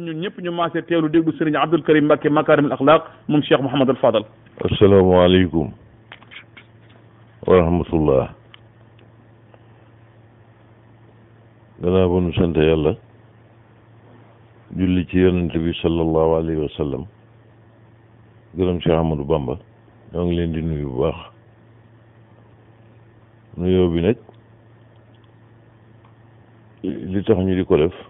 kon ñun ñëpp ñu maase teelu déglu sëriñ Abdul Karim Mbacke Makaarimul Axlaaq moom Cheikh Mouhamadul Fadal. asalaamaaleykum wa rahmatullah. danaa ba nu sant yàlla. julli ci yonent bi sallallahu alayhi wa sallam. gërëm Cheikh Ahmadou Bamba. ñoo ngi leen di nuyu bu baax. nuyoo bi nag. li tax ñu di ko def.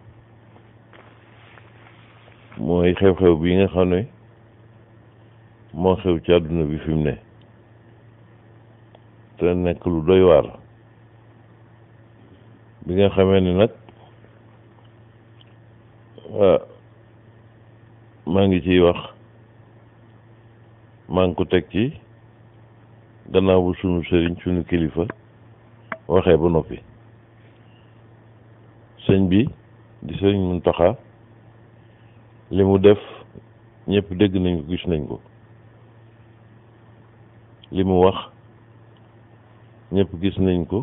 mooy xew-xew bi nga xam ne moo xew ci àdduna bi fim ne te nekk lu doy waar bi nga xamee ni nag ah, maa ngi ciy wax maa ngi ko teg ci gannaaw bu sunu sëriñ sunu kilifa waxee ba noppi sëñ bi di sëriñ Muntaxa li mu def ñëpp dégg nañ ko gis nañ ko li mu wax ñëpp gis nañ ko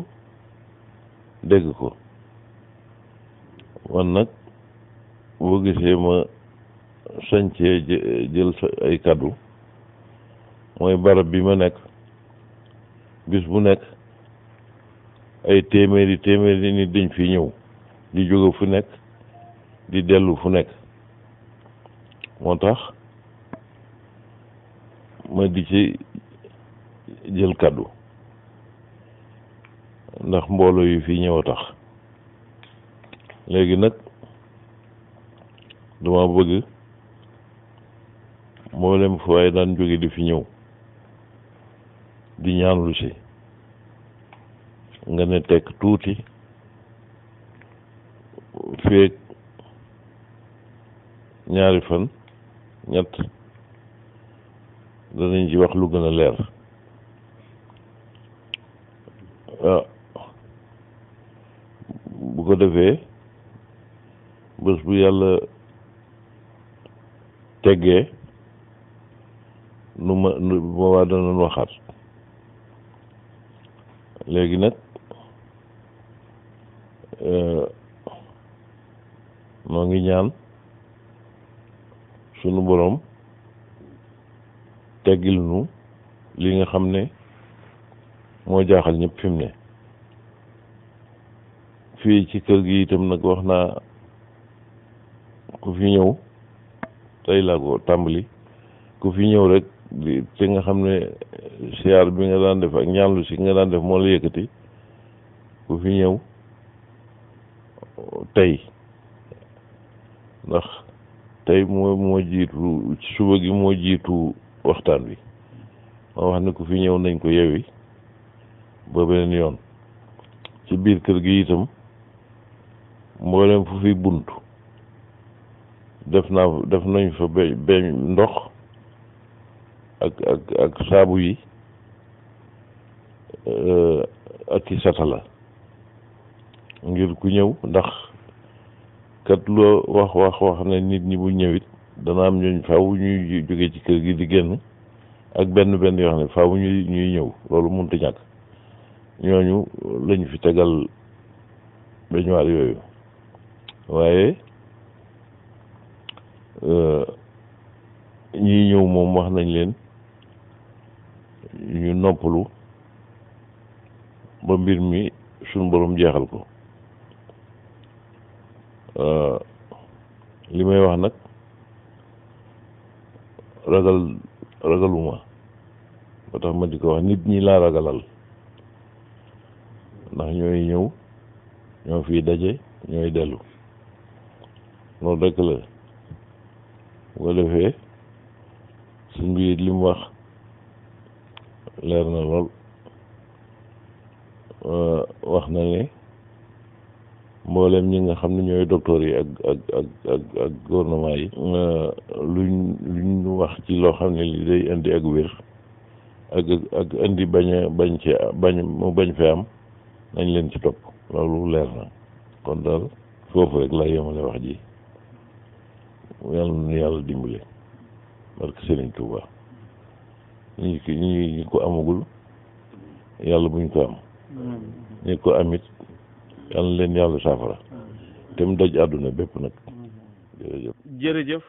dégg ko wan nag boo gisee ma sañcee jël ay kàddu mooy barab bi ma nekk bis bu nekk ay téeméeri téeméeri nit dañ fi ñëw di jóge fu nekk di dellu fu nekk moo tax ma di ci jël kàddu ndax mbooloo yi fi ñëw a tax léegi nag dama bëgg mboolem fu waaye daan jóge di fi ñëw di lu si nga ne tekk tuuti feek ñaari fan ñett danañ ci wax lu gën a leer ah. bu ko defee bés bu yàlla teggee nu ma nu boobaa danañ waxaat léegi nag eh, noo ngi ñaan sunu boroom teggil nu li nga xam ne moo jaaxal ñëpp fi ne fii ci kër gi itam nag wax naa ku fi ñëw tey laa ko tàmbali ku fi ñëw rek te nga xam ne siyaar bi nga daan def ak ñaanlu si nga daan def moo la yëkkati ku fi ñëw tey ndax tey moo moo jiitu ci suba gi moo jiitu waxtaan wi ma wax ne ku fi ñëw nañ ko yewi ba beneen yoon ci biir kër gi itam mboolem fu fi bunt def naa def nañ fa be beñ ndox ak ak ak saabu yi euh, ak i satala ngir ku ñëw ndax kat loo wax wax wax ne nit ñi bu ñëwit dana am ñooñ faaw ñuy jóge ci kër gi di génn ak benn benn yoo xam ne faaw ñuy ñuy ñëw loolu mënut a ñàkk ñooñu lañ fi tegal beñuwaar yooyu waaye euh, ñiy ñëw moom wax nañ leen ñu noppalu ba mbir mi suñ borom jeexal ko Euh, li may wax nag ragal ragaluma ba tax ma di ko wax nit ñi laa ragalal ndax ñooy ñëw ñoo fiy daje ñooy dellu loolu rekk la bu defee suñ bi li wax leer na lool euh, wax na ne mboolem ñi nga xam ne ñooy docteur yi ak ak ak ak ak gouvernement yi luñ luñ wax ci loo xam ne li day indi ak wér ak ak indi bañ a bañ ci am nañ leen ci topp loolu leer na kon daal foofu rek laa yemale wax ji yàlla na yàlla dimbale barke Sëriñ Tuuba ñi ñi ko amagul yàlla buñ ko am ñi ko amit yàlla leen yàlla saafara te mu daj àdduna bépp nag jërëjëf